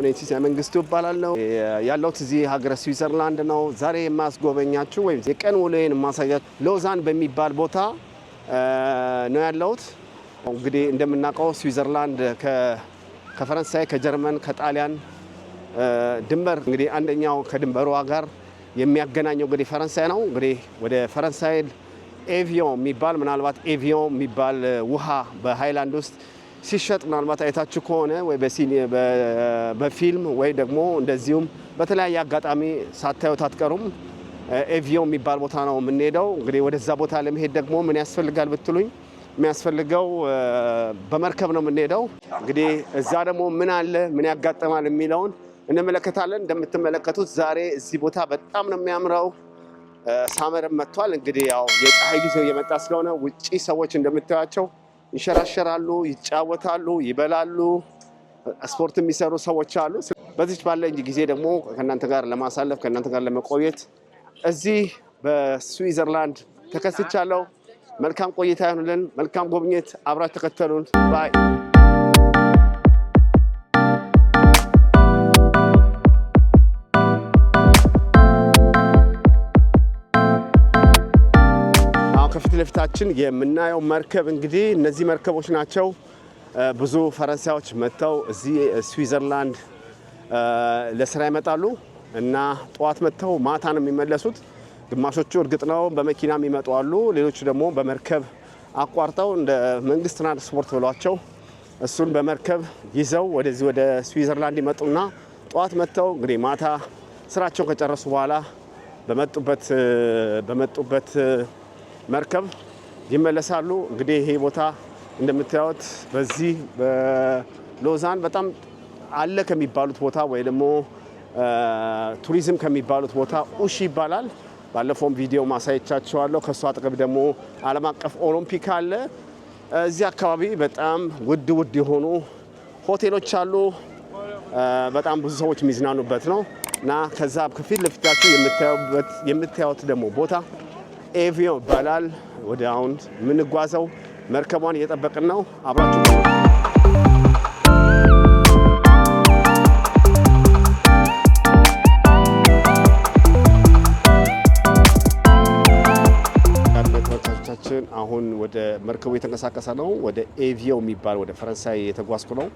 እኔ ሲሳ መንግስቱ እባላለሁ። ያለሁት እዚህ ሀገረ ስዊዘርላንድ ነው። ዛሬ የማስጎበኛችሁ ወይም የቀን ውሎዬን የማሳያችሁ ሎዛን በሚባል ቦታ ነው ያለሁት። እንግዲህ እንደምናውቀው ስዊዘርላንድ ከፈረንሳይ፣ ከጀርመን፣ ከጣሊያን ድንበር እንግዲህ አንደኛው ከድንበሯ ጋር የሚያገናኘው እንግዲህ ፈረንሳይ ነው። እንግዲህ ወደ ፈረንሳይ ኤቪዮን የሚባል ምናልባት ኤቪዮን የሚባል ውሃ በሃይላንድ ውስጥ ሲሸጥ ምናልባት አይታችሁ ከሆነ ወይ በፊልም ወይ ደግሞ እንደዚሁም በተለያየ አጋጣሚ ሳታዩት አትቀሩም። ኤቪዮ የሚባል ቦታ ነው የምንሄደው። እንግዲህ ወደዛ ቦታ ለመሄድ ደግሞ ምን ያስፈልጋል ብትሉኝ የሚያስፈልገው በመርከብ ነው የምንሄደው። እንግዲህ እዛ ደግሞ ምን አለ ምን ያጋጠማል የሚለውን እንመለከታለን። እንደምትመለከቱት ዛሬ እዚህ ቦታ በጣም ነው የሚያምረው። ሳመርም መጥቷል። እንግዲህ ያው የፀሐይ ጊዜው እየመጣ ስለሆነ ውጪ ሰዎች እንደምታያቸው ይሸራሸራሉ፣ ይጫወታሉ፣ ይበላሉ። ስፖርት የሚሰሩ ሰዎች አሉ። በዚች ባለኝ ጊዜ ደግሞ ከእናንተ ጋር ለማሳለፍ ከእናንተ ጋር ለመቆየት እዚህ በስዊዘርላንድ ተከስቻለሁ። መልካም ቆይታ ይሁንልን። መልካም ጎብኘት። አብራችሁ ተከተሉን ባይ ለፊታችን የምናየው መርከብ እንግዲህ እነዚህ መርከቦች ናቸው። ብዙ ፈረንሳዮች መጥተው እዚህ ስዊዘርላንድ ለስራ ይመጣሉ እና ጠዋት መጥተው ማታ ነው የሚመለሱት። ግማሾቹ እርግጥ ነው በመኪናም ይመጡ አሉ። ሌሎቹ ደግሞ በመርከብ አቋርጠው እንደ መንግስት ትራንስፖርት ብሏቸው እሱን በመርከብ ይዘው ወደዚህ ወደ ስዊዘርላንድ ይመጡና ጠዋት መጥተው እንግዲህ ማታ ስራቸውን ከጨረሱ በኋላ በመጡበት በመጡበት መርከብ ይመለሳሉ። እንግዲህ ይሄ ቦታ እንደምታዩት በዚህ በሎዛን በጣም አለ ከሚባሉት ቦታ ወይ ደግሞ ቱሪዝም ከሚባሉት ቦታ ኡሺ ይባላል። ባለፈውም ቪዲዮ ማሳየቻቸዋለሁ። ከእሱ አጠገብ ደግሞ ዓለም አቀፍ ኦሎምፒክ አለ። እዚህ አካባቢ በጣም ውድ ውድ የሆኑ ሆቴሎች አሉ። በጣም ብዙ ሰዎች የሚዝናኑበት ነው እና ከዛ ከፊት ለፊታችሁ የምታዩት ደግሞ ቦታ ኤቪዮ ይባላል። ወደ አሁን የምንጓዘው መርከቧን እየጠበቅን ነው። አብራችሁ ቻችን አሁን ወደ መርከቡ የተንቀሳቀሰ ነው። ወደ ኤቪዮ የሚባል ወደ ፈረንሳይ የተጓዝኩ ነው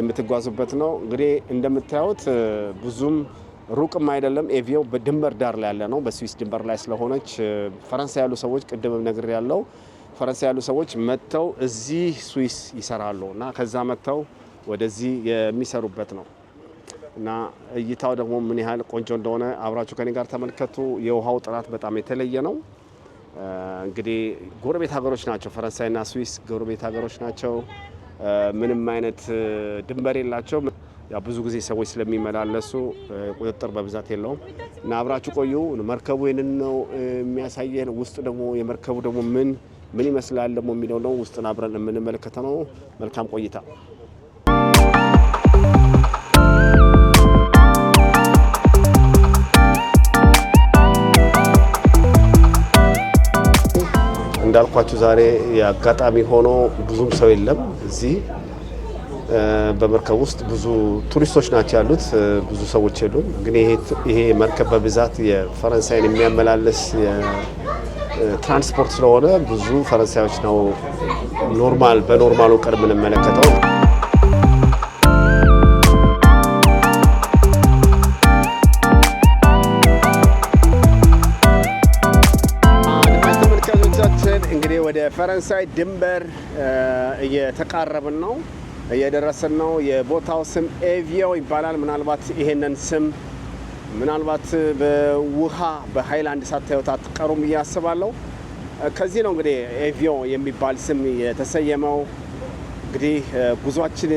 የምትጓዙበት ነው። እንግዲህ እንደምታዩት ብዙም ሩቅም አይደለም። ኤቪዮ በድንበር ዳር ላይ ያለ ነው፣ በስዊስ ድንበር ላይ ስለሆነች ፈረንሳይ ያሉ ሰዎች ቅድም ነግር ያለው ፈረንሳይ ያሉ ሰዎች መጥተው እዚህ ስዊስ ይሰራሉ እና ከዛ መጥተው ወደዚህ የሚሰሩበት ነው እና እይታው ደግሞ ምን ያህል ቆንጆ እንደሆነ አብራችሁ ከኔ ጋር ተመልከቱ። የውሃው ጥራት በጣም የተለየ ነው። እንግዲህ ጎረቤት ሀገሮች ናቸው፣ ፈረንሳይና ስዊስ ጎረቤት ሀገሮች ናቸው። ምንም አይነት ድንበር የላቸው። ብዙ ጊዜ ሰዎች ስለሚመላለሱ ቁጥጥር በብዛት የለውም እና አብራችሁ ቆዩ። መርከቡ ይህንን ነው የሚያሳየን። ውስጥ ደግሞ የመርከቡ ደግሞ ምን ምን ይመስላል ደግሞ የሚለው ነው ውስጥን አብረን የምንመለከተ ነው። መልካም ቆይታ። እንዳልኳችሁ ዛሬ የአጋጣሚ ሆኖ ብዙም ሰው የለም እዚህ በመርከብ ውስጥ ብዙ ቱሪስቶች ናቸው ያሉት፣ ብዙ ሰዎች የሉም። ግን ይሄ መርከብ በብዛት የፈረንሳይን የሚያመላልስ ትራንስፖርት ስለሆነ ብዙ ፈረንሳዮች ነው ኖርማል በኖርማሉ ቀን የምንመለከተው። እንግዲህ ወደ ፈረንሳይ ድንበር እየተቃረብን ነው። እየደረስን ነው። የቦታው ስም ኤቪዮ ይባላል። ምናልባት ይሄንን ስም ምናልባት በውሃ በሀይላንድ ሳታዩት አትቀሩም ብዬ አስባለሁ። ከዚህ ነው እንግዲህ ኤቪዮ የሚባል ስም የተሰየመው። እንግዲህ ጉዟችን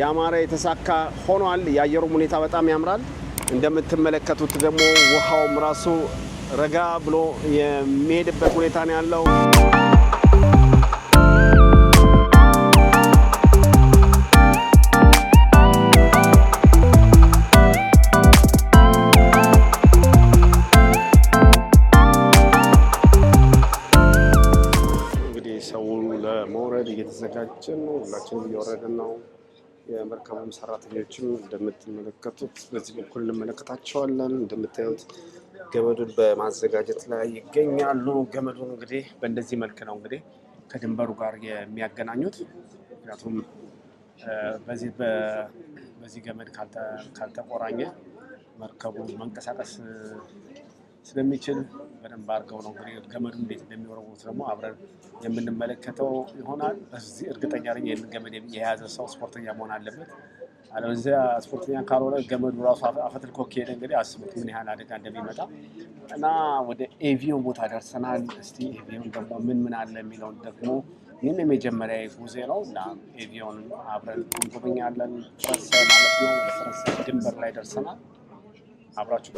ያማረ የተሳካ ሆኗል። የአየሩም ሁኔታ በጣም ያምራል። እንደምትመለከቱት ደግሞ ውሃውም ራሱ ረጋ ብሎ የሚሄድበት ሁኔታ ነው ያለው። ጉዳያችን ሁላችንም እየወረድን ነው። የመርከቡም ሰራተኞችም እንደምትመለከቱት በዚህ በኩል እንመለከታቸዋለን። እንደምታዩት ገመዱን በማዘጋጀት ላይ ይገኛሉ። ገመዱን እንግዲህ በእንደዚህ መልክ ነው እንግዲህ ከድንበሩ ጋር የሚያገናኙት ምክንያቱም በዚህ ገመድ ካልተቆራኘ መርከቡ መንቀሳቀስ ስለሚችል በደንብ አድርገው ነው እንግዲህ ገመዱ እንዴት እንደሚወረውት ደግሞ አብረን የምንመለከተው ይሆናል። በዚህ እርግጠኛ ነኝ ይህንን ገመድ የያዘ ሰው ስፖርተኛ መሆን አለበት። አለበለዚያ ስፖርተኛ ካልሆነ ገመዱ ራሱ አፈትልኮ ከሄደ እንግዲህ አስቡት ምን ያህል አደጋ እንደሚመጣ እና ወደ ኤቪዮን ቦታ ደርሰናል። እስቲ ኤቪዮን ደግሞ ምን ምን አለ የሚለውን ደግሞ ይህም የመጀመሪያ ጉዜ ነው እና ኤቪዮን አብረን እንጎበኛለን። ፈረንሳይ ማለት ነው። ፈረንሳይ ድንበር ላይ ደርሰናል። አብራችሁ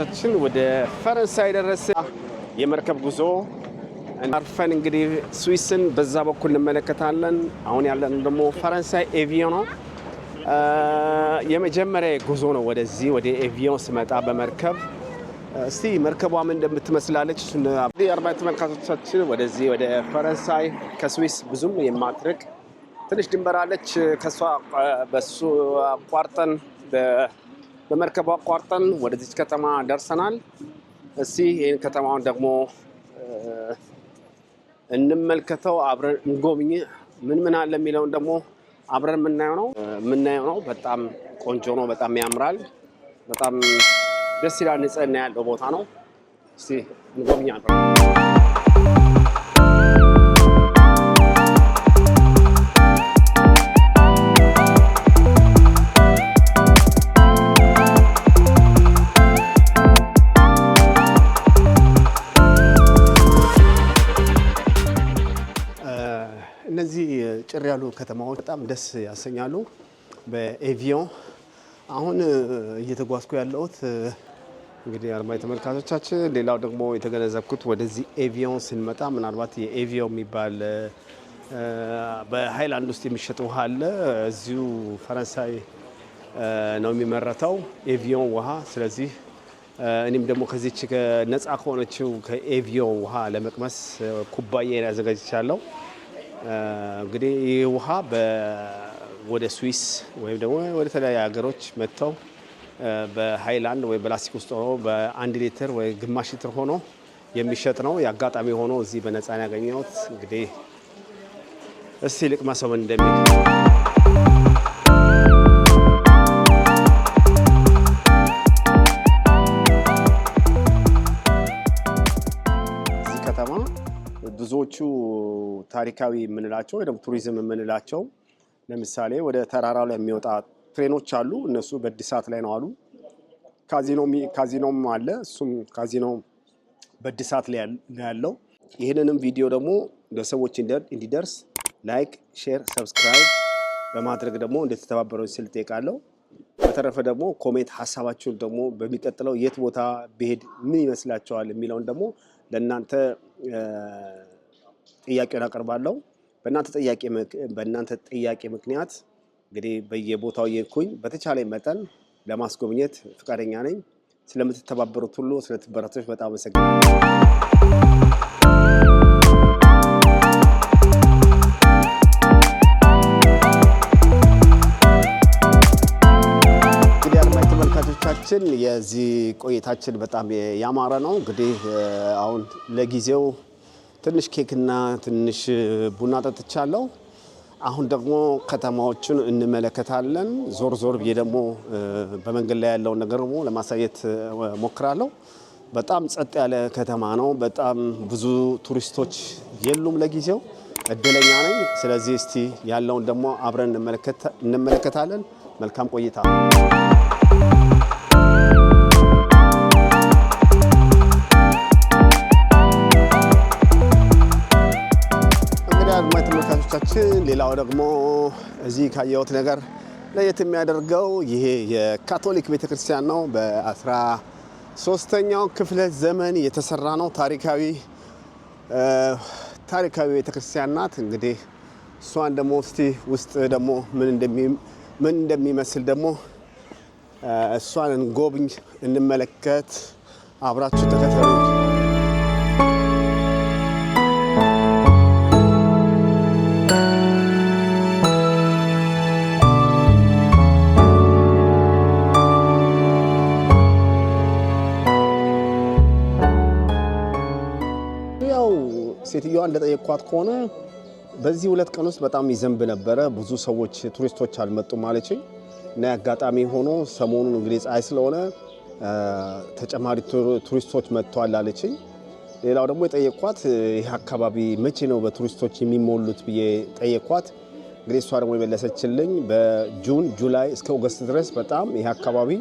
ተመልካቾቻችን ወደ ፈረንሳይ የደረሰ የመርከብ ጉዞ አርፈን እንግዲህ ስዊስን በዛ በኩል እንመለከታለን። አሁን ያለን ደግሞ ፈረንሳይ ኤቪዮን ነው። የመጀመሪያ ጉዞ ነው ወደዚህ ወደ ኤቪዮን ስመጣ በመርከብ እስቲ መርከቧ ምን እንደምትመስላለች አርባ ተመልካቾቻችን ወደዚህ ወደ ፈረንሳይ ከስዊስ ብዙም የማትርቅ ትንሽ ድንበር አለች። ከሷ በሱ አቋርጠን በመርከብ አቋርጠን ወደዚች ከተማ ደርሰናል። እስቲ ይህን ከተማውን ደግሞ እንመልከተው፣ አብረን እንጎብኝ። ምን ምን አለ የሚለውን ደግሞ አብረን የምናየው ነው የምናየው ነው። በጣም ቆንጆ ነው። በጣም ያምራል። በጣም ደስ ይላል። ንጽህና ያለው ቦታ ነው። እስቲ እንጎብኝ። ጭር ያሉ ከተማዎች በጣም ደስ ያሰኛሉ። በኤቪዮን አሁን እየተጓዝኩ ያለሁት እንግዲህ አርማ ተመልካቾቻችን፣ ሌላው ደግሞ የተገነዘብኩት ወደዚህ ኤቪዮን ስንመጣ ምናልባት የኤቪዮን የሚባል በሃይላንድ ውስጥ የሚሸጥ ውሃ አለ። እዚሁ ፈረንሳይ ነው የሚመረተው ኤቪዮን ውሃ። ስለዚህ እኔም ደግሞ ከዚች ነፃ ከሆነችው ከኤቪዮን ውሃ ለመቅመስ ኩባያ ያዘጋጅቻለሁ። እንግዲህ ይህ ውሃ ወደ ስዊስ ወይም ደግሞ ወደ ተለያዩ ሀገሮች መጥተው በሃይላንድ ወይም በላስቲክ ውስጥ ሆኖ በአንድ ሊትር ወይ ግማሽ ሊትር ሆኖ የሚሸጥ ነው። የአጋጣሚ ሆኖ እዚህ በነፃ ያገኘሁት እንግዲህ እስቲ ልቅመሰው እንደሚል ብዙዎቹ ታሪካዊ የምንላቸው ወይ ደግሞ ቱሪዝም የምንላቸው ለምሳሌ ወደ ተራራ ላይ የሚወጣ ትሬኖች አሉ። እነሱ በእድሳት ላይ ነው አሉ። ካዚኖም አለ። እሱም ካዚኖ በእድሳት ላይ ያለው። ይህንንም ቪዲዮ ደግሞ ለሰዎች እንዲደርስ ላይክ፣ ሼር፣ ሰብስክራይብ በማድረግ ደግሞ እንደተተባበረ ስል እጠይቃለሁ። በተረፈ ደግሞ ኮሜንት ሀሳባችሁን ደግሞ በሚቀጥለው የት ቦታ ብሄድ ምን ይመስላችኋል የሚለውን ደግሞ ለእናንተ ጥያቄውን አቀርባለሁ። በእናንተ ጥያቄ ምክንያት እንግዲህ በየቦታው የኩኝ በተቻለ መጠን ለማስጎብኘት ፈቃደኛ ነኝ። ስለምትተባበሩት ሁሉ ስለትበረቶች በጣም አመሰግናለሁ። ተመልካቾቻችን የዚህ ቆይታችን በጣም ያማረ ነው። እንግዲህ አሁን ለጊዜው ትንሽ ኬክና ትንሽ ቡና ጠጥቻለሁ። አሁን ደግሞ ከተማዎችን እንመለከታለን። ዞር ዞር ብዬ ደግሞ በመንገድ ላይ ያለውን ነገር ደግሞ ለማሳየት ሞክራለሁ። በጣም ጸጥ ያለ ከተማ ነው። በጣም ብዙ ቱሪስቶች የሉም ለጊዜው፣ እድለኛ ነኝ። ስለዚህ እስቲ ያለውን ደግሞ አብረን እንመለከታለን። መልካም ቆይታ ቴሌቪዥን። ሌላው ደግሞ እዚህ ካየሁት ነገር ለየት የሚያደርገው ይሄ የካቶሊክ ቤተክርስቲያን ነው። በአስራ ሶስተኛው ክፍለ ዘመን የተሰራ ነው። ታሪካዊ ታሪካዊ ቤተክርስቲያን ናት። እንግዲህ እሷን ደግሞ እስቲ ውስጥ ደግሞ ምን እንደሚመስል ደግሞ እሷን እንጎብኝ፣ እንመለከት። አብራችሁ ተከተሉ። ሴትዮዋ እንደጠየቅኳት ከሆነ በዚህ ሁለት ቀን ውስጥ በጣም ይዘንብ ነበረ፣ ብዙ ሰዎች ቱሪስቶች አልመጡም አለችኝ እና አጋጣሚ ሆኖ ሰሞኑን እንግዲህ ፀሐይ ስለሆነ ተጨማሪ ቱሪስቶች መጥተዋል አለችኝ። ሌላው ደግሞ የጠየቅኳት ይህ አካባቢ መቼ ነው በቱሪስቶች የሚሞሉት ብዬ ጠየቅኳት። እንግዲህ እሷ ደግሞ የመለሰችልኝ በጁን ጁላይ እስከ ኦገስት ድረስ በጣም ይህ አካባቢ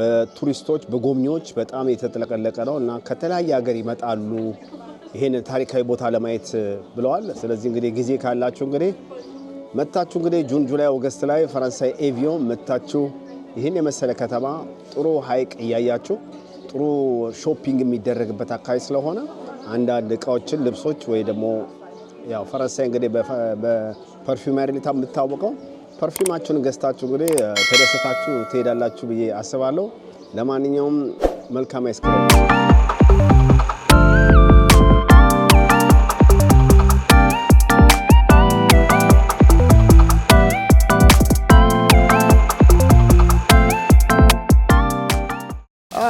በቱሪስቶች በጎብኚዎች በጣም የተጥለቀለቀ ነው እና ከተለያየ ሀገር ይመጣሉ ይህን ታሪካዊ ቦታ ለማየት ብለዋል። ስለዚህ እንግዲህ ጊዜ ካላችሁ እንግዲህ መታችሁ እንግዲህ ጁን፣ ጁላይ፣ ኦገስት ላይ ፈረንሳይ ኤቪዮን መታችሁ ይህን የመሰለ ከተማ ጥሩ ሀይቅ እያያችሁ ጥሩ ሾፒንግ የሚደረግበት አካባቢ ስለሆነ አንዳንድ እቃዎችን፣ ልብሶች ወይ ደግሞ ያው ፈረንሳይ እንግዲህ በፐርፊውመሪ የምታወቀው ፐርፊማችሁን ገዝታችሁ እንግዲህ ተደሰታችሁ ትሄዳላችሁ ብዬ አስባለሁ። ለማንኛውም መልካም አይስክሬም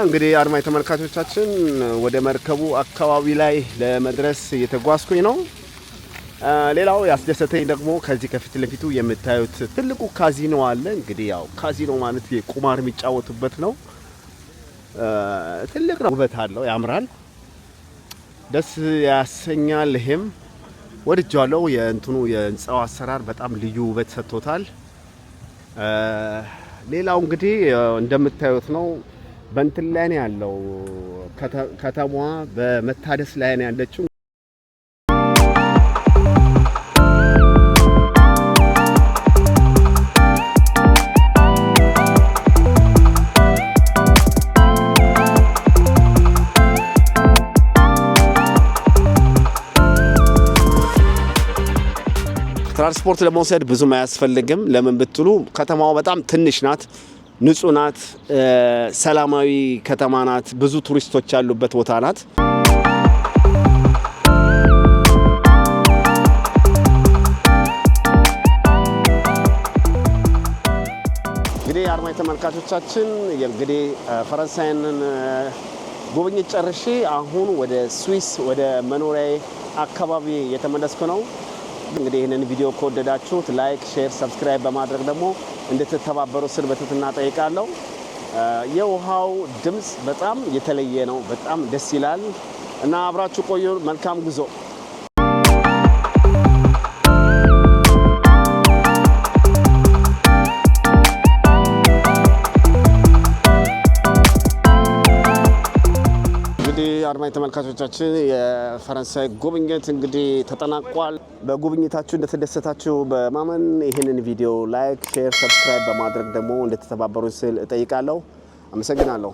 እንግዲህ አድማጭ ተመልካቾቻችን ወደ መርከቡ አካባቢ ላይ ለመድረስ እየተጓዝኩኝ ነው። ሌላው ያስደሰተኝ ደግሞ ከዚህ ከፊት ለፊቱ የምታዩት ትልቁ ካዚኖ አለ። እንግዲህ ያው ካዚኖ ማለት የቁማር የሚጫወቱበት ነው። ትልቅ ነው፣ ውበት አለው፣ ያምራል፣ ደስ ያሰኛል። ይሄም ወድጃለው። የእንትኑ የህንፃው አሰራር በጣም ልዩ ውበት ሰጥቶታል። ሌላው እንግዲህ እንደምታዩት ነው። በእንትን ላይ ነው ያለው ከተማዋ በመታደስ ላይ ነው ያለችው። ትራንስፖርት ለመውሰድ ብዙም አያስፈልግም። ለምን ብትሉ ከተማዋ በጣም ትንሽ ናት። ንጹህ ናት፣ ሰላማዊ ከተማ ናት፣ ብዙ ቱሪስቶች ያሉበት ቦታ ናት። እንግዲህ አድማጭ ተመልካቾቻችን እንግዲህ ፈረንሳይንን ጉብኝት ጨርሼ አሁን ወደ ስዊስ ወደ መኖሪያ አካባቢ የተመለስኩ ነው። እንግዲህ ይህንን ቪዲዮ ከወደዳችሁት ላይክ፣ ሼር፣ ሰብስክራይብ በማድረግ ደግሞ እንድትተባበሩ ስል በትህትና ጠይቃለሁ። የውሃው ድምፅ በጣም የተለየ ነው። በጣም ደስ ይላል እና አብራችሁ ቆዩ። መልካም ጉዞ እንግዲህ አድማጭ ተመልካቾቻችን የፈረንሳይ ጉብኝት እንግዲህ ተጠናቋል። በጉብኝታችሁ እንደተደሰታችሁ በማመን ይህንን ቪዲዮ ላይክ፣ ሼር፣ ሰብስክራይብ በማድረግ ደግሞ እንደተተባበሩ ስል እጠይቃለሁ። አመሰግናለሁ።